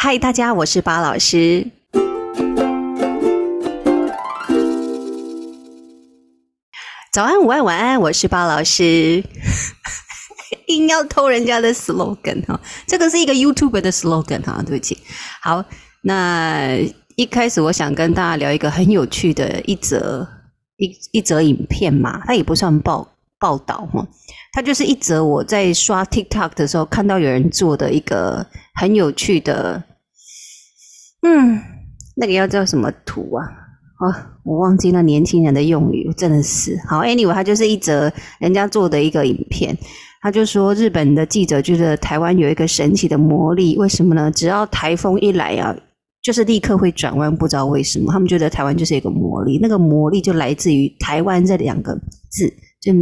嗨，Hi, 大家，我是巴老師。早安，午安，晚安，我是巴老師。 硬要偷人家的 slogan 哈、哦，這個是一個 YouTuber 的 slogan 哈、哦，對不起。好，那一開始我想跟大家聊一個很有趣的一則一一則影片嘛，它也不算爆。報道，它他就是一則我在刷 TikTok 的時候看到有人做的一個很有趣的，嗯，那個要叫什麼圖啊？啊，我忘記那年輕人的用語，我真的是。好，Anyway，他就是一則人家做的一個影片，他就說日本的記者覺得台灣有一個神奇的魔力，為什麼呢？只要台風一來啊，就是立刻會轉彎，不知道為什麼，他們覺得台灣就是一個魔力，那個魔力就來自於台灣這兩個字，就。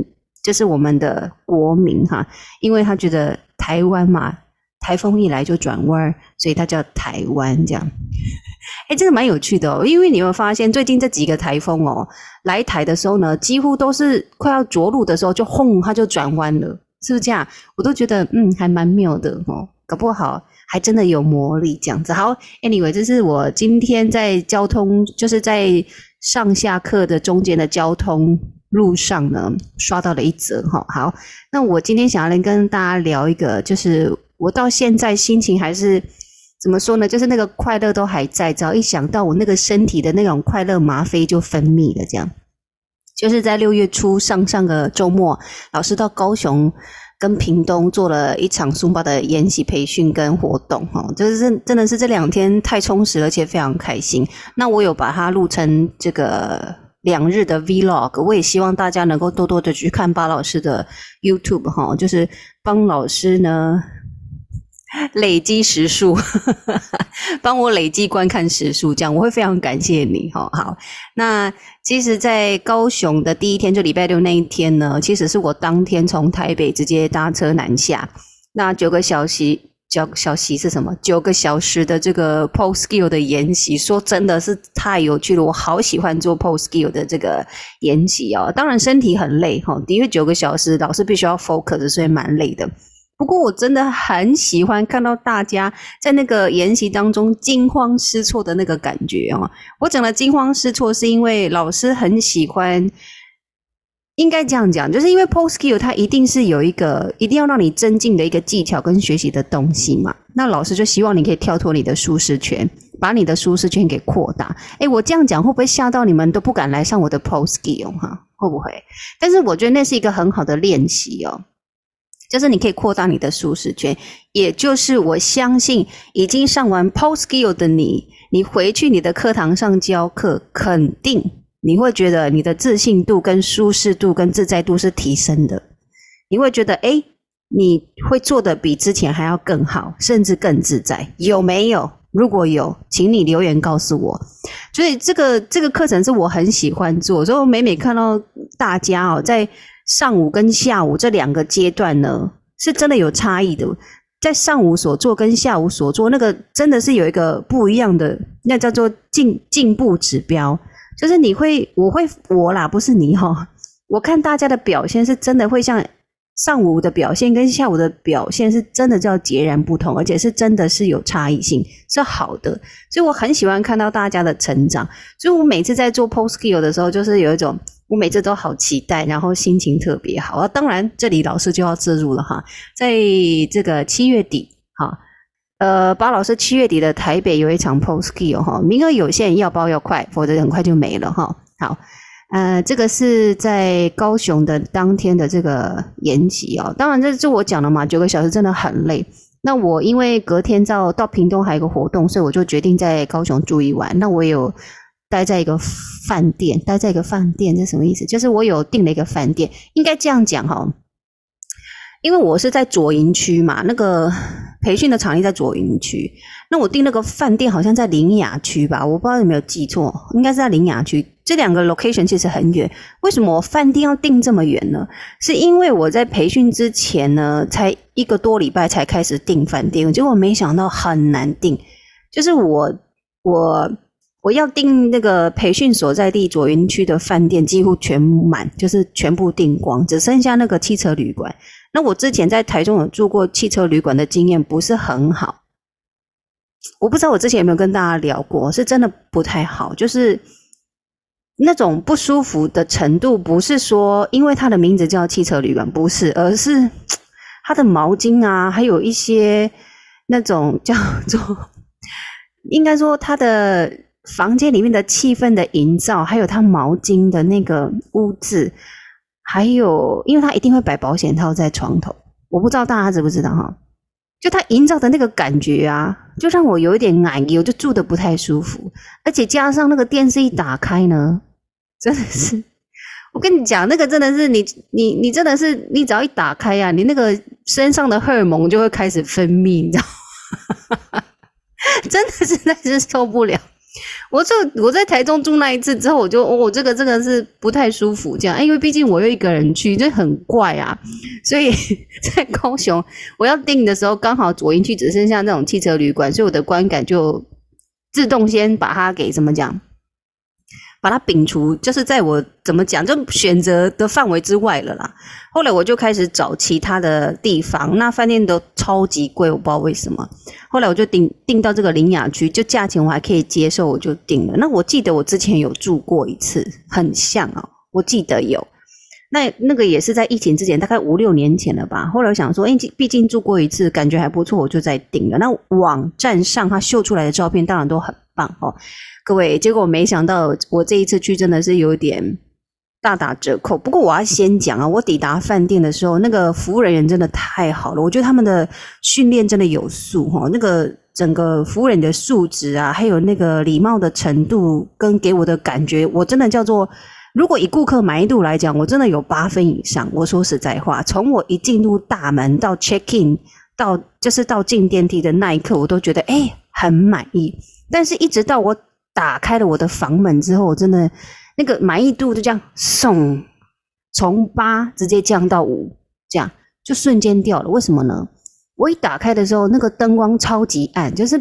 就是我們的國名，哈，因為他覺得台灣嘛，台風一來就轉彎，所以他叫台灣這樣。誒，真的、這個、蠻有趣的哦，因為你有沒有發現最近這幾個台風哦來台的時候呢，幾乎都是快要着陸的時候就轟，它就轉彎了，是不是這樣？我都覺得嗯，還蠻妙的哦，搞不好還真的有魔力這樣子。好，anyway，這是我今天在交通，就是在上下課的中間的交通。路上呢，刷到了一則哈、哦。好，那我今天想要來跟大家聊一個，就是我到現在心情還是怎麼說呢？就是那個快樂都還在，只要一想到我那個身體的那種快樂，嗎啡就分泌了。這樣，就是在六月初上上個周末，老師到高雄跟屏東做了一場松巴的研習培訓跟活動哈、哦。就是真的是這兩天太充實，而且非常開心。那我有把它錄成這個。兩日的 Vlog，我也希望大家能夠多多的去看巴老師的 YouTube 哈，就是幫老師呢累積時數， 幫我累積觀看時數，這樣我會非常感謝你哈。好，那其實，在高雄的第一天，就禮拜六那一天呢，其實是我當天從台北直接搭車南下，那九個小時。九個小息是什麼？九個小時的這個 post skill 的研習，說真的是太有趣了，我好喜歡做 post skill 的這個研習哦。當然身體很累哈，因、哦、確九個小時老師必須要 focus，所以蠻累的。不過我真的很喜歡看到大家在那個研習當中驚慌失措的那個感覺哦。我講的驚慌失措是因為老師很喜歡。應該這樣講，就是因為 post skill 它一定是有一個一定要讓你增進的一個技巧跟學習的東西嘛。那老師就希望你可以跳脫你的舒適圈，把你的舒適圈給擴大。誒，我這樣講會不會嚇到你們都不敢來上我的 post skill 哈？會不會？但是我覺得那是一個很好的練習哦，就是你可以擴大你的舒適圈。也就是我相信已經上完 post skill 的你，你回去你的課堂上教課肯定，你會覺得你的自信度，跟舒適度，跟自在度是提升的。你會覺得，哎，你會做得比之前還要更好，甚至更自在，有沒有？如果有，請你留言告訴我。所以這個這個課程是我很喜歡做，所以我每每看到大家哦，在上午跟下午這兩個階段呢，是真的有差異的，在上午所做跟下午所做，那個真的是有一個不一樣的，那叫做進進步指標。就是你會，我會我啦，不是你哈、哦。我看大家的表現是真的會像上午的表現跟下午的表現是真的叫截然不同，而且是真的是有差異性，是好的。所以我很喜歡看到大家的成長。所以我每次在做 post skill 的時候，就是有一種我每次都好期待，然後心情特別好。當然這裡老師就要介入了哈，在這個七月底哈。呃，巴老師七月底的台北有一場 Post Skill 哈、哦，名額有限，要報要快，否則很快就沒了哈、哦。好，呃，這個是在高雄的當天的這個延期。哦。當然，這這我講了嘛，九個小時真的很累。那我因為隔天到到屏東還有一個活動，所以我就決定在高雄住一晚。那我有待在一個飯店，待在一個飯店，這什麼意思？就是我有訂了一個飯店，應該這樣講哈、哦，因為我是在左營區嘛，那個。培訓的場地在左營區，那我訂那個飯店好像在苓雅區吧，我不知道有沒有記錯，應該是在苓雅區。這兩個 location 其實很遠，為什麼我飯店要訂這麼遠呢？是因為我在培訓之前呢，才一個多禮拜才開始訂飯店，結果沒想到很難訂。就是我我我要訂那個培訓所在地左營區的飯店幾乎全滿，就是全部訂光，只剩下那個汽車旅館。那我之前在台中有住過汽車旅館的經驗，不是很好。我不知道我之前有沒有跟大家聊過，是真的不太好，就是那種不舒服的程度，不是說因為它的名字叫汽車旅館，不是，而是它的毛巾啊，還有一些那種叫做，應該說它的房間裡面的氣氛的營造，還有它毛巾的那個污漬。還有，因為他一定會擺保險套在床頭，我不知道大家知不知道哈。就他營造的那個感覺啊，就讓我有一點奶我就住的不太舒服。而且加上那個電視一打開呢，真的是，我跟你講，那個真的是你你你真的是，你只要一打開呀、啊，你那個身上的荷爾蒙就會開始分泌，你知道嗎？哈哈哈，真的是，那是受不了。我就我在台中住那一次之後，我就、哦、我這個真的是不太舒服，這樣、欸、因為畢竟我又一個人去，這很怪啊。所以在高雄我要訂的時候，剛好左營區只剩下那種汽車旅館，所以我的觀感就自動先把它給怎麼講。把它摒除，就是在我怎麼講，就選擇的範圍之外了啦。後來我就開始找其他的地方，那飯店都超級貴，我不知道為什麼。後來我就訂訂到這個林雅居，就價錢我還可以接受，我就訂了。那我記得我之前有住過一次，很像哦，我記得有。那那個也是在疫情之前，大概五六年前了吧。後來我想說，哎，畢竟住過一次，感覺還不錯，我就再訂了。那網站上他秀出來的照片當然都很棒、哦、各位。結果沒想到我這一次去真的是有點大打折扣。不過我要先講啊，我抵達飯店的時候，那個服務人員真的太好了，我覺得他們的訓練真的有素、哦、那個整個服務人的素質啊，還有那個禮貌的程度，跟給我的感覺，我真的叫做。如果以顧客滿意度來講，我真的有八分以上。我說實在話，從我一進入大門到 check in，到就是到進電梯的那一刻，我都覺得誒、欸，很滿意。但是，一直到我打開了我的房門之後，我真的那個滿意度就這樣，送從八直接降到五，這樣就瞬間掉了。為什麼呢？我一打開的時候，那個燈光超級暗，就是。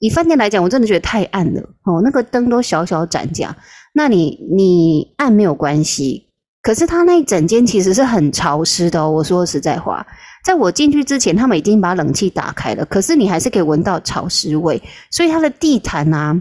以飯店來講，我真的覺得太暗了哦。那個燈都小小盞架，那你你暗沒有關係，可是他那一整間其實是很潮濕的、哦。我說實在話，在我進去之前，他們已經把冷氣打開了，可是你還是可以聞到潮濕味。所以它的地毯啊，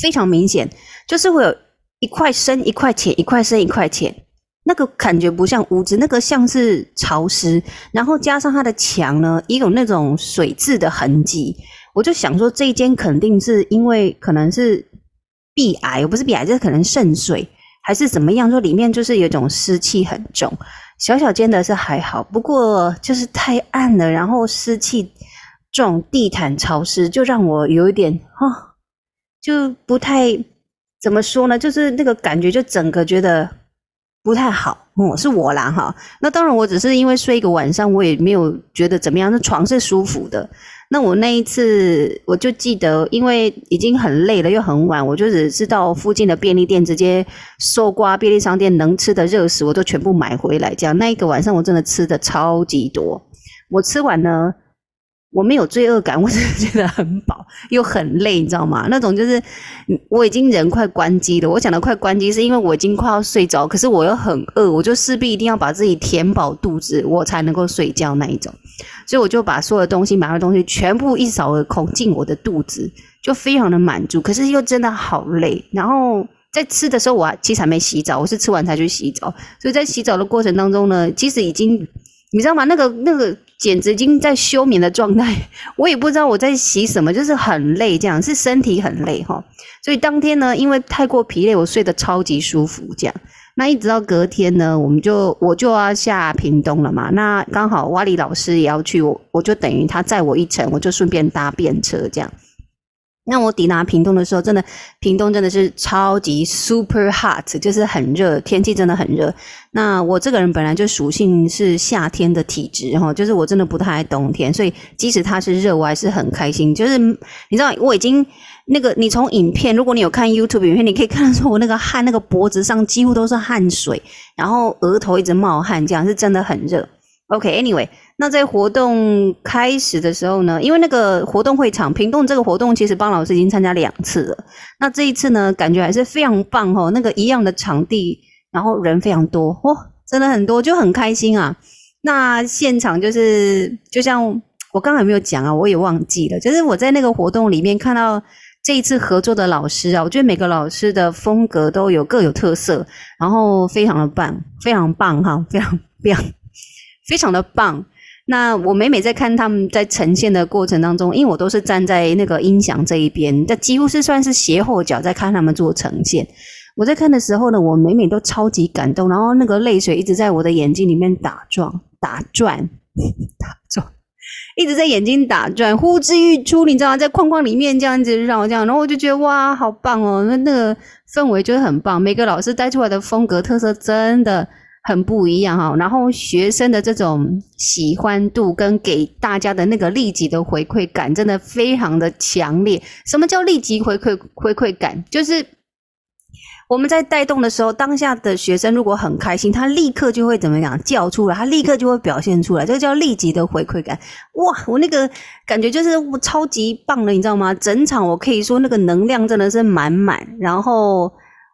非常明顯，就是會有一塊深一塊淺，一塊深一塊淺，那個感覺不像屋子，那個像是潮濕。然後加上它的牆呢，也有那種水漬的痕跡。我就想說，這一間肯定是因為可能是壁癌，不是壁癌，這是可能滲水還是怎麼樣？說裡面就是有一種濕氣很重，小小間的是還好，不過就是太暗了，然後濕氣重，地毯潮濕，就讓我有一點啊，就不太怎麼說呢，就是那個感覺，就整個覺得不太好。我、嗯、是我啦哈，那當然我只是因為睡一個晚上，我也沒有覺得怎麼樣，那床是舒服的。那我那一次，我就記得，因為已經很累了，又很晚，我就只知道附近的便利店直接搜刮，便利商店能吃的熱食我都全部買回來，這樣，那一個晚上我真的吃得超級多。我吃完呢。我沒有罪惡感，我只是覺得很飽又很累，你知道嗎？那種就是我已經人快關機了。我講的快關機，是因為我已經快要睡着，可是我又很餓，我就勢必一定要把自己填飽肚子，我才能夠睡覺那一種。所以我就把所有東西買的東西全部一掃而空進我的肚子，就非常的滿足，可是又真的好累。然後在吃的時候，我還其實還沒洗澡，我是吃完才去洗澡。所以在洗澡的過程當中呢，其實已經，你知道嗎？那個那個。簡直已經在休眠的狀態，我也不知道我在洗什麼，就是很累這樣，是身體很累齁。所以當天呢，因為太過疲累，我睡得超級舒服這樣。那一直到隔天呢，我們就我就要下屏東了嘛，那剛好瓦里老師也要去，我我就等於他載我一程，我就順便搭便車這樣。那我抵達屏東的時候，真的屏東真的是超級 super hot，就是很熱，天氣真的很熱。那我這個人本來就屬性是夏天的體質，齁，就是我真的不太愛冬天，所以即使它是熱，我還是很開心。就是你知道，我已經那個你從影片，如果你有看 YouTube 影片，你可以看得出我那個汗，那個脖子上幾乎都是汗水，然後額頭一直冒汗，這樣是真的很熱。OK，Anyway，、okay，那在活動開始的時候呢，因為那個活動會場屏東這個活動，其實幫老師已經參加兩次了。那這一次呢，感覺還是非常棒哦。那個一樣的場地，然後人非常多，哇、哦，真的很多，就很開心啊。那現場就是就像我剛才有沒有講啊，我也忘記了。就是我在那個活動裡面看到這一次合作的老師啊，我覺得每個老師的風格都有各有特色，然後非常的棒，非常棒哈、啊，非常非常，非常的棒。那我每每在看他們在呈現的過程當中，因為我都是站在那個音響這一邊，這幾乎是算是斜後角在看他們做呈現。我在看的時候呢，我每每都超級感動，然後那個淚水一直在我的眼睛裡面打轉、打轉、打轉，一直在眼睛打轉，呼之欲出，你知道嗎？在框框裡面這樣子繞這樣，然後我就覺得哇，好棒哦！那那個氛圍就是很棒，每個老師帶出來的風格特色真的。很不一樣哈，然後學生的這種喜歡度跟給大家的那個立即的回饋感，真的非常的強烈。什麼叫立即回饋回饋感？就是我們在帶動的時候，當下的學生如果很開心，他立刻就會怎麼樣叫出來，他立刻就會表現出來，這叫立即的回饋感。哇，我那個感覺就是我超級棒的，你知道嗎？整場我可以說那個能量真的是滿滿，然後。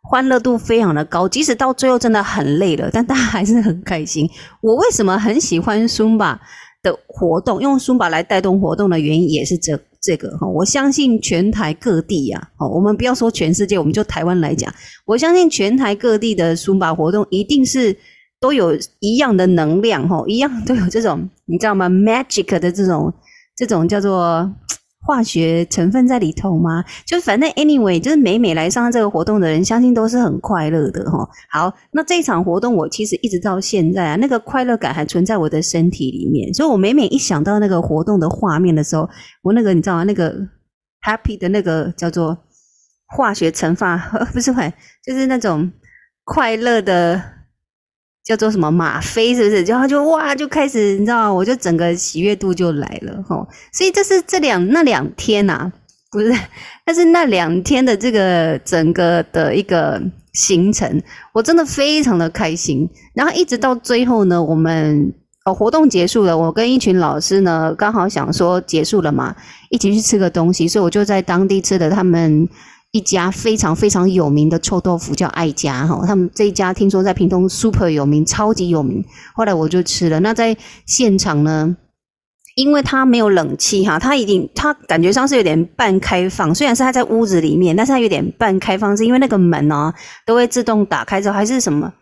歡樂度非常的高，即使到最後真的很累了，但大家還是很開心。我為什麼很喜歡 Zumba 的活動？用 Zumba 來帶動活動的原因也是這這個哈。我相信全台各地呀，哈，我們不要說全世界，我們就台灣來講，我相信全台各地的 Zumba 活動一定是都有一樣的能量，哈，一樣都有這種你知道嗎？Magic 的這種這種叫做。化學成分在裡頭嗎？就是反正 anyway，就是每每來上這個活動的人，相信都是很快樂的哈、哦。好，那這一場活動，我其實一直到現在啊，那個快樂感還存在我的身體裡面。所以我每每一想到那個活動的畫面的時候，我那個你知道嗎，那個 happy 的那個叫做化學成分，不是快，就是那種快樂的。叫做什麼嗎啡是不是？然後就哇，就開始你知道嗎？我就整個喜悅度就來了齁。所以這是這兩那兩天吶、啊，不是？但是那兩天的這個整個的一個行程，我真的非常的開心。然後一直到最後呢，我們呃、哦、活動結束了，我跟一群老師呢剛好想說結束了嘛，一起去吃個東西，所以我就在當地吃的他們。一家非常非常有名的臭豆腐叫愛家哈，他們這一家聽說在屏東 Super 有名，超級有名。後來我就吃了。那在現場呢，因為它沒有冷氣哈，它已經它感覺像是有點半開放，雖然是它在屋子裡面，但是它有點半開放是因為那個門哦、啊、都會自動打開之後還是什麼，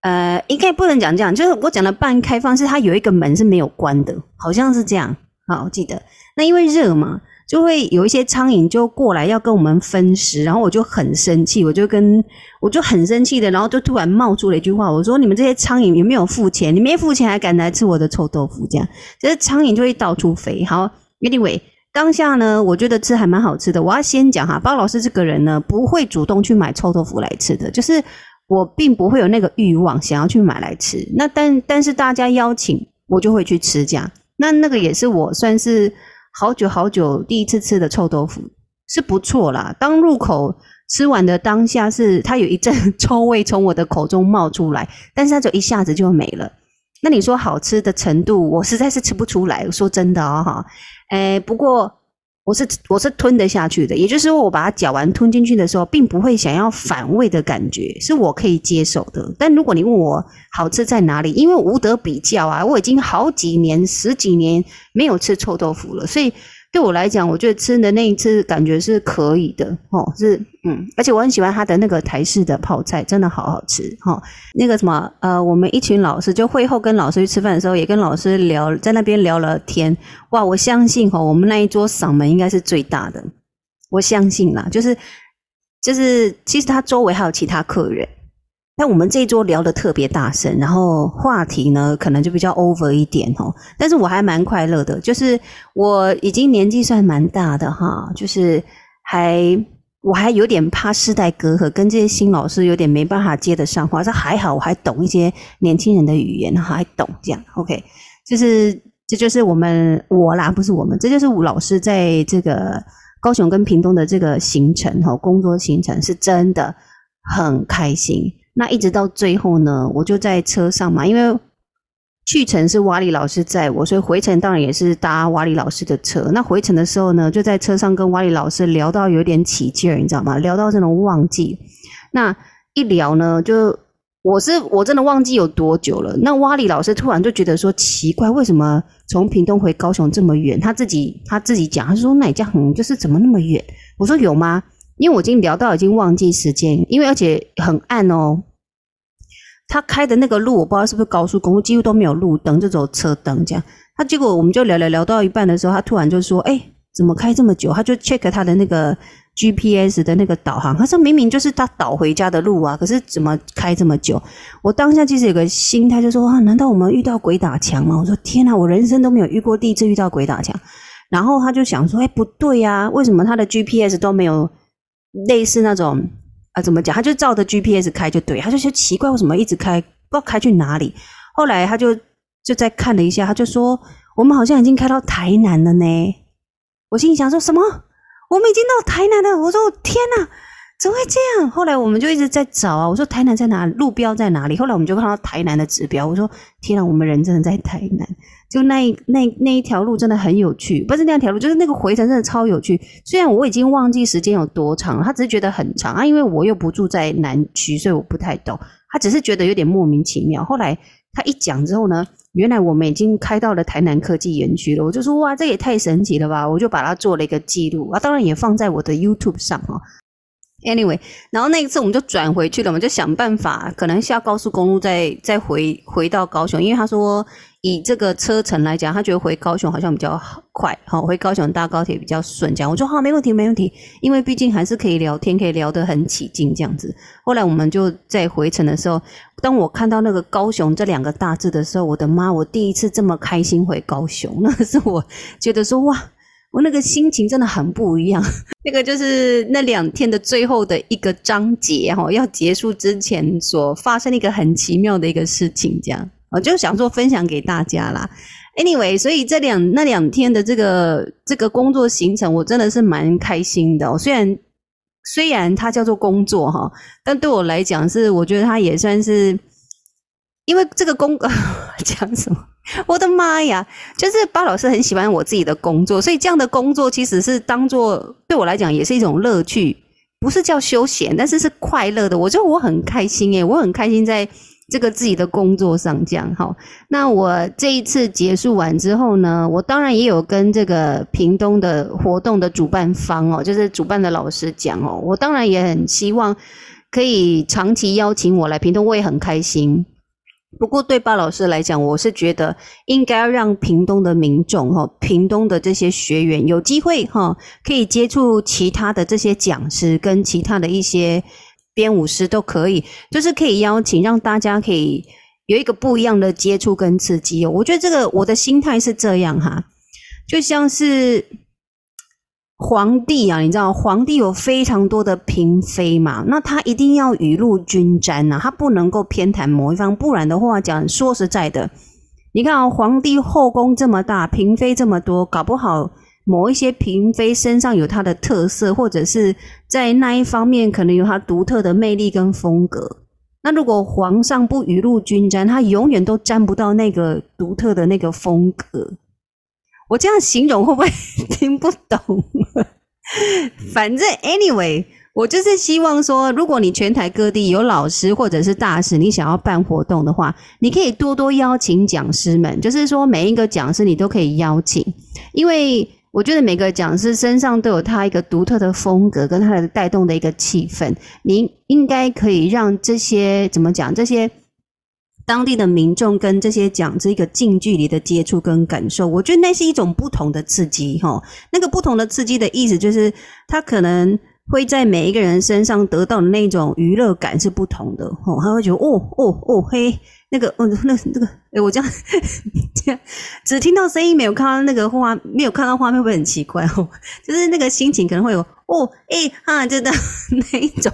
呃，應該不能講這樣，就是我講的半開放是它有一個門是沒有關的，好像是這樣。好，我記得，那因為熱嘛。就會有一些蒼蠅就過來要跟我們分食，然後我就很生氣，我就跟我就很生氣的，然後就突然冒出了一句話，我說：“你們這些蒼蠅有沒有付錢？你沒付錢還敢來吃我的臭豆腐？”這樣，其實蒼蠅就會到處飛。好，Anyway，當下呢，我覺得吃還蠻好吃的。我要先講哈，包老師這個人呢，不會主動去買臭豆腐來吃的，就是我並不會有那個慾望想要去買來吃。那但但是大家邀請我就會去吃，這樣，那那個也是我算是。好久好久第一次吃的臭豆腐是不錯啦，剛入口吃完的當下是它有一陣臭味從我的口中冒出來，但是它就一下子就沒了。那你說好吃的程度，我實在是吃不出來，說真的啊、哦、哈。誒、哎，不過。我是我是吞得下去的，也就是說，我把它嚼完吞進去的時候，並不會想要反胃的感覺，是我可以接受的。但如果你問我，好吃在哪裡？因為無得比較啊，我已經好幾年、十幾年沒有吃臭豆腐了，所以。對我來講，我覺得吃的那一次感覺是可以的，齁，是，嗯，而且我很喜歡他的那個台式的泡菜，真的好好吃，齁。那個什麼，呃，我們一群老師就會後跟老師去吃飯的時候，也跟老師聊，在那邊聊了天，哇，我相信齁，我們那一桌嗓門應該是最大的，我相信啦，就是就是，其實他周圍還有其他客人。但我們這一桌聊得特別大聲，然後話題呢，可能就比較 over 一點哦。但是我還蠻快樂的，就是我已經年紀算蠻大的哈，就是還我還有點怕世代隔閡，跟這些新老師有點沒辦法接得上話。這還好，我還懂一些年輕人的語言，還懂這樣 OK。就是這就是我們我啦，不是我們，這就是吳老師在這個高雄跟屏東的這個行程哈、哦，工作行程是真的很開心。那一直到最後呢，我就在車上嘛，因為去程是瓦里老師載我，所以回程當然也是搭瓦里老師的車。那回程的時候呢，就在車上跟瓦里老師聊到有點起勁，你知道嗎？聊到真的忘記，那一聊呢，就我是我真的忘記有多久了。那瓦里老師突然就覺得說奇怪，為什麼從屏東回高雄這麼遠？他自己他自己講，他說那這樣就是怎麼那麼遠？我說有嗎？因為我已經聊到已經忘記時間，因為而且很暗哦。他開的那個路我不知道是不是高速公路，幾乎都沒有路燈，就走車燈這樣。他結果我們就聊聊聊到一半的時候，他突然就說：“哎、欸，怎麼開這麼久？”他就 check 他的那個 GPS 的那個導航，他說：“明明就是他導回家的路啊，可是怎麼開這麼久？”我當下其實有個心態就說：“啊，難道我們遇到鬼打牆嗎？”我說：“天啊，我人生都沒有遇過，第一次遇到鬼打牆。”然後他就想說：“哎、欸，不對呀、啊，為什麼他的 GPS 都沒有？”類似那種啊，怎麼講？他就照着 GPS 開，就對。他就說奇怪，為什麼一直開，不知道開去哪裡。後來他就就再看了一下，他就說我們好像已經開到台南了呢。我心裡想說什麼？我們已經到台南了。我說天哪，怎麼會這樣？後來我們就一直在找啊。我說台南在哪？路標在哪裡？後來我們就看到台南的指標。我說天哪，我們人真的在台南。就那那那一條路真的很有趣，不是那條路，就是那個回程真的超有趣。雖然我已經忘記時間有多長，他只是覺得很長啊，因為我又不住在南區，所以我不太懂。他只是覺得有點莫名其妙。後來他一講之後呢，原來我們已經開到了台南科技園區了。我就說哇，這也太神奇了吧！我就把它做了一個記錄啊，當然也放在我的 YouTube 上啊、喔。Anyway，然後那一次我們就轉回去了嘛，我們就想辦法可能下高速公路再再回回到高雄，因為他說。以這個車程來講，他覺得回高雄好像比較快，好，回高雄搭高鐵比較順。這樣，我說好，沒問題，沒問題，因為畢竟還是可以聊天，可以聊得很起勁這樣子。後來我們就在回程的時候，當我看到那個高雄這兩個大字的時候，我的媽，我第一次這麼開心回高雄，那是我覺得說哇，我那個心情真的很不一樣。那個就是那兩天的最後的一個章節哈，要結束之前所發生的一個很奇妙的一個事情這樣。我就想做分享給大家啦。Anyway，所以這兩那兩天的這個這個工作行程，我真的是蠻開心的，哦。雖然雖然它叫做工作哈，但對我來講是我覺得它也算是，因為這個工，啊，講什麼？我的媽呀！就是包老師很喜歡我自己的工作，所以這樣的工作其實是當做對我來講也是一種樂趣，不是叫休閒，但是是快樂的。我覺得我很開心誒，欸，我很開心在。這個自己的工作上講，好，那我這一次結束完之後呢，我當然也有跟這個屏東的活動的主辦方哦，就是主辦的老師講哦，我當然也很希望可以長期邀請我來屏東，我也很開心。不過對巴老師來講，我是覺得應該讓屏東的民眾哦，屏東的這些學員有機會哦，可以接觸其他的這些講師跟其他的一些。編舞師都可以，就是可以邀請，讓大家可以有一個不一樣的接觸跟刺激、哦。我覺得這個我的心態是這樣哈，就像是皇帝啊，你知道皇帝有非常多的嬪妃嘛，那他一定要雨露均沾吶、啊，他不能夠偏袒某一方，不然的話講說實在的，你看啊、哦，皇帝後宮這麼大，嬪妃這麼多，搞不好。某一些嬪妃身上有她的特色，或者是在那一方面可能有她獨特的魅力跟風格。那如果皇上不雨露均沾，她永遠都沾不到那個獨特的那個風格。我這樣形容會不會 聽不懂？反正 anyway，我就是希望說，如果你全台各地有老師或者是大師，你想要辦活動的話，你可以多多邀請講師們，就是說每一個講師你都可以邀請，因為。我覺得每個講師身上都有他一個獨特的風格，跟他的帶動的一個氣氛。你應該可以讓這些，怎麼講，這些當地的民眾跟這些講師一個近距離的接觸跟感受，我覺得那是一種不同的刺激。吼，那個不同的刺激的意思就是，他可能會在每一個人身上得到的那種娛樂感是不同的。吼，他會覺得哦哦哦，嘿。那個，哦，那那個，哎，我這樣，這 樣只聽到聲音，沒有看到那個畫，沒有看到畫面，會不會很奇怪哦？就是那個心情可能會有哦，哎啊，真的那，那一種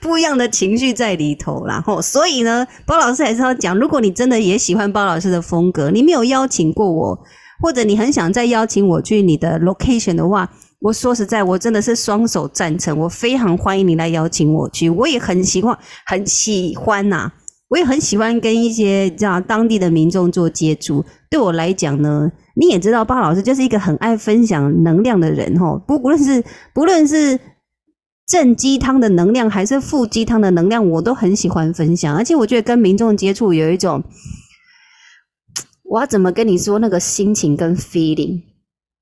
不一樣的情緒在裡頭啦，然、哦、後，所以呢，包老師還是要講，如果你真的也喜歡包老師的風格，你沒有邀請過我，或者你很想再邀請我去你的 location 的話，我說實在，我真的是雙手贊成，我非常歡迎你來邀請我去，我也很喜歡，很喜歡吶、啊。我也很喜歡跟一些這樣當地的民眾做接觸。對我來講呢，你也知道，包老師就是一個很愛分享能量的人齁。不不論是不論是正雞湯的能量，還是負雞湯的能量，我都很喜歡分享。而且我覺得跟民眾接觸有一種，我要怎麼跟你說那個心情跟 feeling？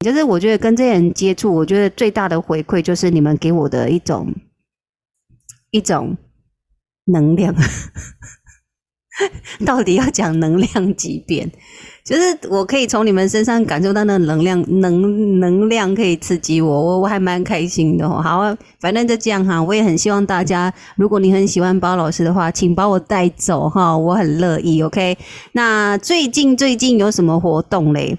就是我覺得跟這些人接觸，我覺得最大的回饋就是你們給我的一種一種能量。 到底要講能量幾遍？就是我可以從你們身上感受到那能量，能能量可以刺激我，我我還蠻開心的。好，反正就這樣哈。我也很希望大家，如果你很喜歡包老師的話，請把我帶走哈，我很樂意。OK，那最近最近有什麼活動嘞？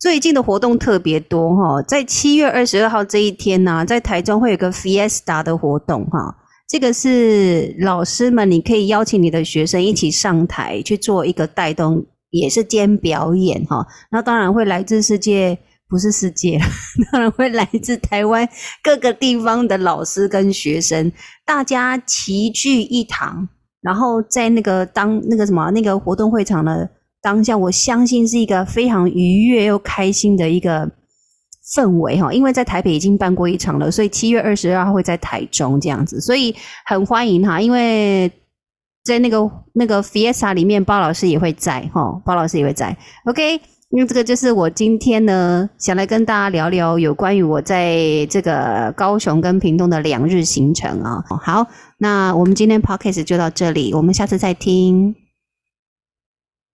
最近的活動特別多哈，在七月二十二號這一天啊，在台中會有個 Fiesta 的活動哈。這個是老師們，你可以邀請你的學生一起上台去做一個帶動，也是兼表演哈。那當然會來自世界，不是世界，當然會來自台灣各個地方的老師跟學生，大家齊聚一堂，然後在那個當那個什麼那個活動會場的當下，我相信是一個非常愉悅又開心的一個。氛圍哈，因為在台北已經辦過一場了，所以七月二十二號會在台中這樣子，所以很歡迎哈。因為在那個那個 Fiesta 裡面，包老師也會在哈，包老師也會在。OK，那這個就是我今天呢想來跟大家聊聊有關於我在這個高雄跟屏東的兩日行程啊。好，那我們今天 Podcast 就到這裡，我們下次再聽。